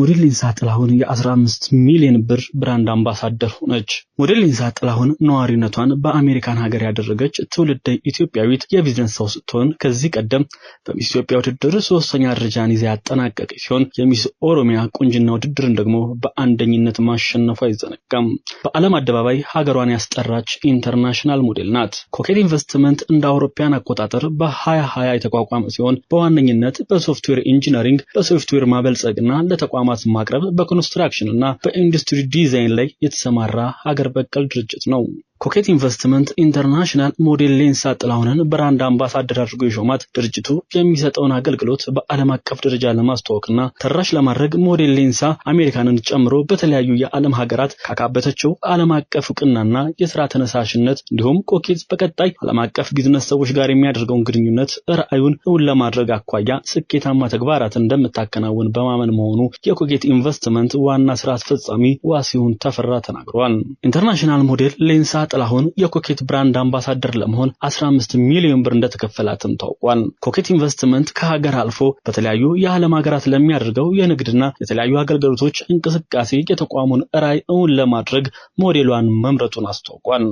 ሞዴል ሊንሳ ጥላሁን የ15 ሚሊዮን ብር ብራንድ አምባሳደር ሆነች። ሞዴል ሊንሳ ጥላሁን ነዋሪነቷን በአሜሪካን ሀገር ያደረገች ትውልደ ኢትዮጵያዊት የቢዝነስ ሰው ስትሆን ከዚህ ቀደም በሚስ ኢትዮጵያ ውድድር ሶስተኛ ደረጃን ይዛ ያጠናቀቀ ሲሆን የሚስ ኦሮሚያ ቁንጅና ውድድርን ደግሞ በአንደኝነት ማሸነፉ አይዘነጋም። በዓለም አደባባይ ሀገሯን ያስጠራች ኢንተርናሽናል ሞዴል ናት። ኮኬት ኢንቨስትመንት እንደ አውሮፓያን አቆጣጠር በ2020 የተቋቋመ ሲሆን በዋነኝነት በሶፍትዌር ኢንጂነሪንግ፣ በሶፍትዌር ማበልጸግና ለተቋ ተቋማት ማቅረብ በኮንስትራክሽን እና በኢንዱስትሪ ዲዛይን ላይ የተሰማራ ሀገር በቀል ድርጅት ነው። ኮኬት ኢንቨስትመንት ኢንተርናሽናል ሞዴል ሌንሳ ጥላሁንን ብራንድ አምባሳደር አድርጎ የሾማት ድርጅቱ የሚሰጠውን አገልግሎት በዓለም አቀፍ ደረጃ ለማስተዋወቅና ተራሽ ለማድረግ ሞዴል ሌንሳ አሜሪካንን ጨምሮ በተለያዩ የዓለም ሀገራት ካካበተችው ዓለም አቀፍ እውቅናና የስራ ተነሳሽነት እንዲሁም ኮኬት በቀጣይ ዓለም አቀፍ ቢዝነስ ሰዎች ጋር የሚያደርገውን ግንኙነት ራዕዩን እውን ለማድረግ አኳያ ስኬታማ ተግባራትን እንደምታከናውን በማመን መሆኑ የኮኬት ኢንቨስትመንት ዋና ስራ አስፈጻሚ ዋሲሁን ተፈራ ተናግረዋል። ኢንተርናሽናል ሞዴል ሌንሳ ጥላሁን የኮኬት ብራንድ አምባሳደር ለመሆን 15 ሚሊዮን ብር እንደተከፈላትም ታውቋል። ኮኬት ኢንቨስትመንት ከሀገር አልፎ በተለያዩ የዓለም ሀገራት ለሚያደርገው የንግድና የተለያዩ አገልግሎቶች እንቅስቃሴ የተቋሙን ራዕይ እውን ለማድረግ ሞዴሏን መምረጡን አስታውቋል።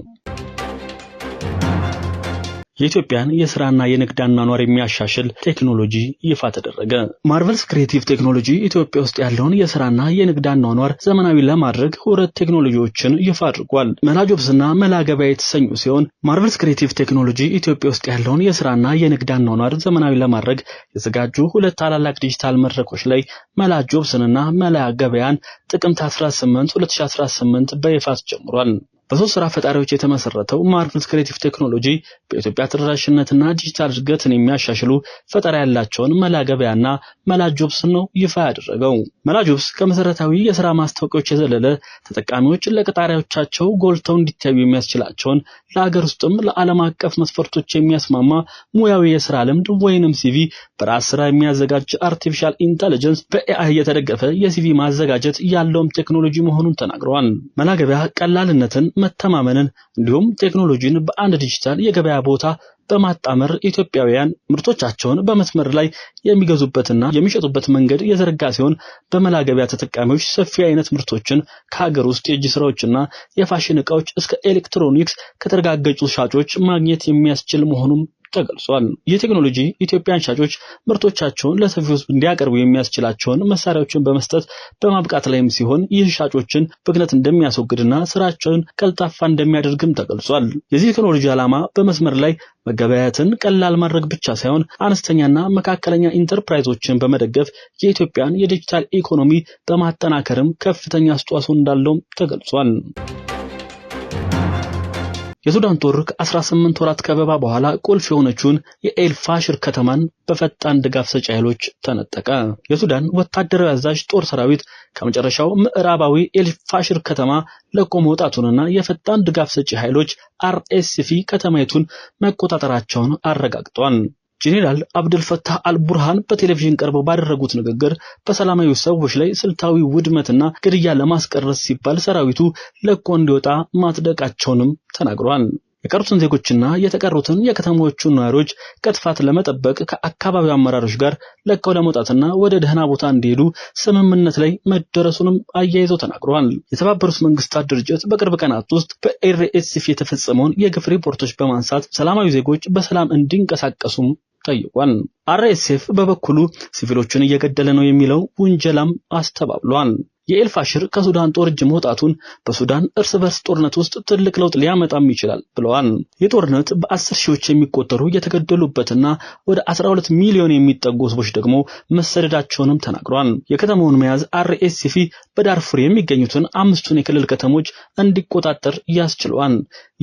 የኢትዮጵያን የስራና የንግድ አኗኗር የሚያሻሽል ቴክኖሎጂ ይፋ ተደረገ። ማርቨልስ ክሬቲቭ ቴክኖሎጂ ኢትዮጵያ ውስጥ ያለውን የስራና የንግድ አኗኗር ዘመናዊ ለማድረግ ሁለት ቴክኖሎጂዎችን ይፋ አድርጓል። መላጆብስና መላገበያ የተሰኙ ሲሆን ማርቨልስ ክሬቲቭ ቴክኖሎጂ ኢትዮጵያ ውስጥ ያለውን የስራና የንግድ አኗኗር ዘመናዊ ለማድረግ የተዘጋጁ ሁለት ታላላቅ ዲጂታል መድረኮች ላይ መላጆብስንና መላገበያን ገበያን ጥቅምት 18 2018 በይፋ ጀምሯል። በሶስት ስራ ፈጣሪዎች የተመሰረተው ማርቭልስ ክሬቲቭ ቴክኖሎጂ በኢትዮጵያ ተደራሽነትና ዲጂታል እድገትን የሚያሻሽሉ ፈጠራ ያላቸውን መላገበያና መላጆብስን ነው ይፋ ያደረገው። መላጆብስ ከመሰረታዊ የስራ ማስታወቂያዎች የዘለለ ተጠቃሚዎች ለቀጣሪዎቻቸው ጎልተው እንዲታዩ የሚያስችላቸውን ለአገር ውስጥም ለዓለም አቀፍ መስፈርቶች የሚያስማማ ሙያዊ የስራ ልምድ ወይንም ሲቪ፣ በራስ ስራ የሚያዘጋጅ አርቲፊሻል ኢንተለጀንስ በኤአይ የተደገፈ የሲቪ ማዘጋጀት ያለውም ቴክኖሎጂ መሆኑን ተናግረዋል። መላገበያ ቀላልነትን መተማመንን እንዲሁም ቴክኖሎጂን በአንድ ዲጂታል የገበያ ቦታ በማጣመር ኢትዮጵያውያን ምርቶቻቸውን በመስመር ላይ የሚገዙበትና የሚሸጡበት መንገድ የዘረጋ ሲሆን በመላ ገበያ ተጠቃሚዎች ሰፊ አይነት ምርቶችን ከሀገር ውስጥ የእጅ ስራዎችና የፋሽን እቃዎች እስከ ኤሌክትሮኒክስ ከተረጋገጡ ሻጮች ማግኘት የሚያስችል መሆኑም ተገልጿል። ይህ ቴክኖሎጂ ኢትዮጵያን ሻጮች ምርቶቻቸውን ለሰፊው ህዝብ እንዲያቀርቡ የሚያስችላቸውን መሳሪያዎችን በመስጠት በማብቃት ላይም ሲሆን ይህ ሻጮችን ብክነት እንደሚያስወግድና ስራቸውን ቀልጣፋ እንደሚያደርግም ተገልጿል። የዚህ ቴክኖሎጂ ዓላማ በመስመር ላይ መገበያየትን ቀላል ማድረግ ብቻ ሳይሆን አነስተኛና መካከለኛ ኢንተርፕራይዞችን በመደገፍ የኢትዮጵያን የዲጂታል ኢኮኖሚ በማጠናከርም ከፍተኛ አስተዋጽኦ እንዳለውም ተገልጿል። የሱዳን ጦር ከ18 ወራት ከበባ በኋላ ቁልፍ የሆነችውን የኤልፋሽር ከተማን በፈጣን ድጋፍ ሰጪ ኃይሎች ተነጠቀ። የሱዳን ወታደራዊ አዛዥ ጦር ሰራዊት ከመጨረሻው ምዕራባዊ ኤልፋሽር ከተማ ለቆ መውጣቱንና የፈጣን ድጋፍ ሰጪ ኃይሎች አርኤስፊ ከተማይቱን መቆጣጠራቸውን አረጋግጧል። ጄኔራል አብደልፈታህ አልቡርሃን በቴሌቪዥን ቀርበው ባደረጉት ንግግር በሰላማዊ ሰዎች ላይ ስልታዊ ውድመትና ግድያ ለማስቀረስ ሲባል ሰራዊቱ ለቆ እንዲወጣ ማጽደቃቸውንም ተናግሯል። የቀሩትን ዜጎችና የተቀሩትን የከተሞቹን ነዋሪዎች ከጥፋት ለመጠበቅ ከአካባቢው አመራሮች ጋር ለቀው ለመውጣትና ወደ ደህና ቦታ እንዲሄዱ ስምምነት ላይ መደረሱንም አያይዘው ተናግረዋል። የተባበሩት መንግስታት ድርጅት በቅርብ ቀናት ውስጥ በኤርኤስኤፍ የተፈጸመውን የግፍ ሪፖርቶች በማንሳት ሰላማዊ ዜጎች በሰላም እንዲንቀሳቀሱም ጠይቋል። አርኤስኤፍ በበኩሉ ሲቪሎችን እየገደለ ነው የሚለው ውንጀላም አስተባብሏል። የኤልፋሽር ከሱዳን ጦር እጅ መውጣቱን በሱዳን እርስ በርስ ጦርነት ውስጥ ትልቅ ለውጥ ሊያመጣም ይችላል ብለዋል። ይህ ጦርነት በአስር ሺዎች የሚቆጠሩ የተገደሉበትና ወደ 12 ሚሊዮን የሚጠጉ ህዝቦች ደግሞ መሰደዳቸውንም ተናግሯል። የከተማውን መያዝ አርኤስሲፊ በዳርፉር የሚገኙትን አምስቱን የክልል ከተሞች እንዲቆጣጠር ያስችሏል።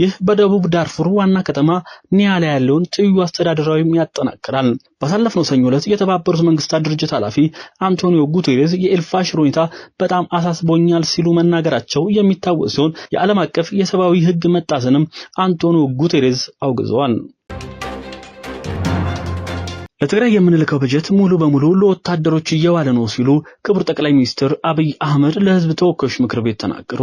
ይህ በደቡብ ዳርፉር ዋና ከተማ ኒያላ ያለውን ትይዩ አስተዳደራዊም ያጠናክራል። ባሳለፍነው ሰኞ ዕለት የተባበሩት መንግስታት ድርጅት ኃላፊ አንቶኒዮ ጉቴሬዝ የኤልፋሽር ሁኔታ በጣም አሳስቦኛል ሲሉ መናገራቸው የሚታወቅ ሲሆን የዓለም አቀፍ የሰብአዊ ሕግ መጣስንም አንቶኒዮ ጉቴሬዝ አውግዘዋል። ለትግራይ የምንልከው በጀት ሙሉ በሙሉ ለወታደሮች እየዋለ ነው ሲሉ ክቡር ጠቅላይ ሚኒስትር አብይ አህመድ ለህዝብ ተወካዮች ምክር ቤት ተናገሩ።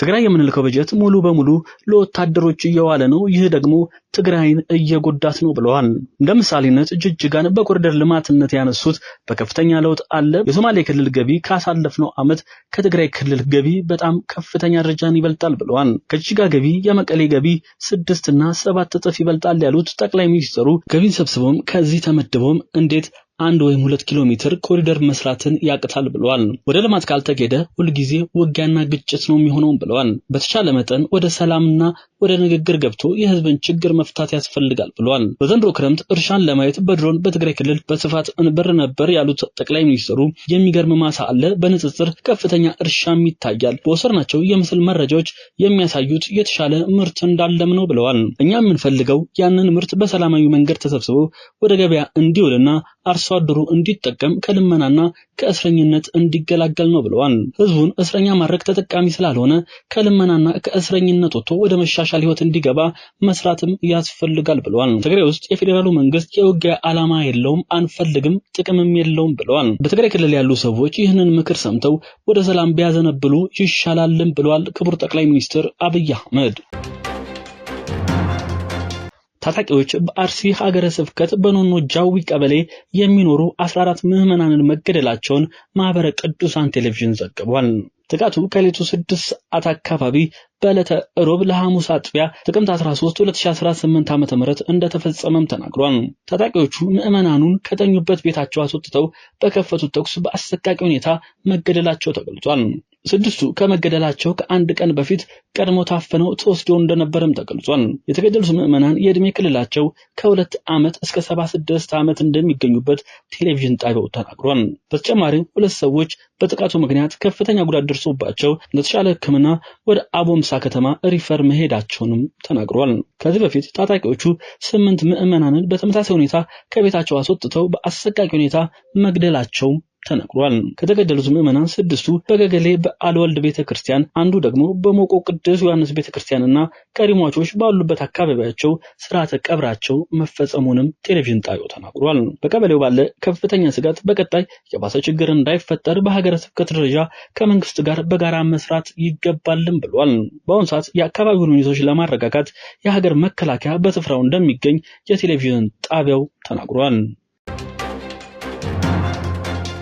ትግራይ የምንልከው በጀት ሙሉ በሙሉ ለወታደሮች እየዋለ ነው፣ ይህ ደግሞ ትግራይን እየጎዳት ነው ብለዋል። እንደ ምሳሌነት ጅጅጋን በኮሪደር ልማትነት ያነሱት በከፍተኛ ለውጥ አለ። የሶማሌ ክልል ገቢ ካሳለፍነው ዓመት ከትግራይ ክልል ገቢ በጣም ከፍተኛ ደረጃን ይበልጣል ብለዋል። ከጅጅጋ ገቢ የመቀሌ ገቢ ስድስትና ሰባት እጥፍ ይበልጣል ያሉት ጠቅላይ ሚኒስትሩ ገቢን ሰብስበውም ከዚህ ተመደ ተገድቦም እንዴት አንድ ወይም ሁለት ኪሎ ሜትር ኮሪደር መስራትን ያቅታል ብለዋል። ወደ ልማት ካልተሄደ ሁልጊዜ ውጊያና ግጭት ነው የሚሆነውም ብለዋል። በተቻለ መጠን ወደ ሰላምና ወደ ንግግር ገብቶ የህዝብን ችግር መፍታት ያስፈልጋል ብሏል። በዘንድሮ ክረምት እርሻን ለማየት በድሮን በትግራይ ክልል በስፋት እንበር ነበር ያሉት ጠቅላይ ሚኒስትሩ የሚገርም ማሳ አለ፣ በንጽጽር ከፍተኛ እርሻም ይታያል። በወሰድናቸው የምስል መረጃዎች የሚያሳዩት የተሻለ ምርት እንዳለም ነው ብለዋል። እኛ የምንፈልገው ያንን ምርት በሰላማዊ መንገድ ተሰብስቦ ወደ ገበያ እንዲውልና አርሶ አደሩ እንዲጠቀም ከልመናና ከእስረኝነት እንዲገላገል ነው ብለዋል። ህዝቡን እስረኛ ማድረግ ተጠቃሚ ስላልሆነ ከልመናና ከእስረኝነት ወጥቶ ወደ መሻሻል የተሻለ ህይወት እንዲገባ መስራትም ያስፈልጋል ብለዋል። ትግራይ ውስጥ የፌዴራሉ መንግስት የውጊያ ዓላማ የለውም፣ አንፈልግም፣ ጥቅምም የለውም ብለዋል። በትግራይ ክልል ያሉ ሰዎች ይህንን ምክር ሰምተው ወደ ሰላም ቢያዘነብሉ ይሻላልም ብለዋል ክቡር ጠቅላይ ሚኒስትር አብይ አህመድ። ታጣቂዎች በአርሲ ሀገረ ስብከት በኖኖ ጃዊ ቀበሌ የሚኖሩ 14 ምዕመናንን መገደላቸውን ማህበረ ቅዱሳን ቴሌቪዥን ዘግቧል። ጥቃቱ ከሌቱ ስድስት ሰዓት አካባቢ በዕለተ ሮብ ለሐሙስ አጥቢያ ጥቅምት 13 2018 ዓ ም እንደተፈጸመም ተናግሯል። ታጣቂዎቹ ምዕመናኑን ከተኙበት ቤታቸው አስወጥተው በከፈቱት ተኩስ በአሰቃቂ ሁኔታ መገደላቸው ተገልጿል። ስድስቱ ከመገደላቸው ከአንድ ቀን በፊት ቀድሞ ታፍነው ተወስደው እንደነበረም ተገልጿል። የተገደሉት ምዕመናን የዕድሜ ክልላቸው ከሁለት ዓመት እስከ 76 ዓመት እንደሚገኙበት ቴሌቪዥን ጣቢያው ተናግሯል። በተጨማሪም ሁለት ሰዎች በጥቃቱ ምክንያት ከፍተኛ ጉዳት ደርሶባቸው ለተሻለ ሕክምና ወደ አቦም ወላይታ ከተማ ሪፈር መሄዳቸውንም ተናግሯል። ከዚህ በፊት ታጣቂዎቹ ስምንት ምዕመናንን በተመሳሳይ ሁኔታ ከቤታቸው አስወጥተው በአሰቃቂ ሁኔታ መግደላቸው ተነግሯል። ከተገደሉት ምዕመናን ስድስቱ በገገሌ በአልወልድ ቤተ ክርስቲያን፣ አንዱ ደግሞ በሞቆ ቅዱስ ዮሐንስ ቤተ ክርስቲያንና ቀሪ ባሉበት አካባቢያቸው ስርዓተ ቀብራቸው መፈጸሙንም ቴሌቪዥን ጣቢያው ተናግሯል። በቀበሌው ባለ ከፍተኛ ስጋት በቀጣይ የባሰ ችግር እንዳይፈጠር በሀገረ ስብከት ደረጃ ከመንግስት ጋር በጋራ መስራት ይገባልም ብሏል። በአሁኑ ሰዓት የአካባቢውን ሁኔታዎች ለማረጋጋት የሀገር መከላከያ በስፍራው እንደሚገኝ የቴሌቪዥን ጣቢያው ተናግሯል።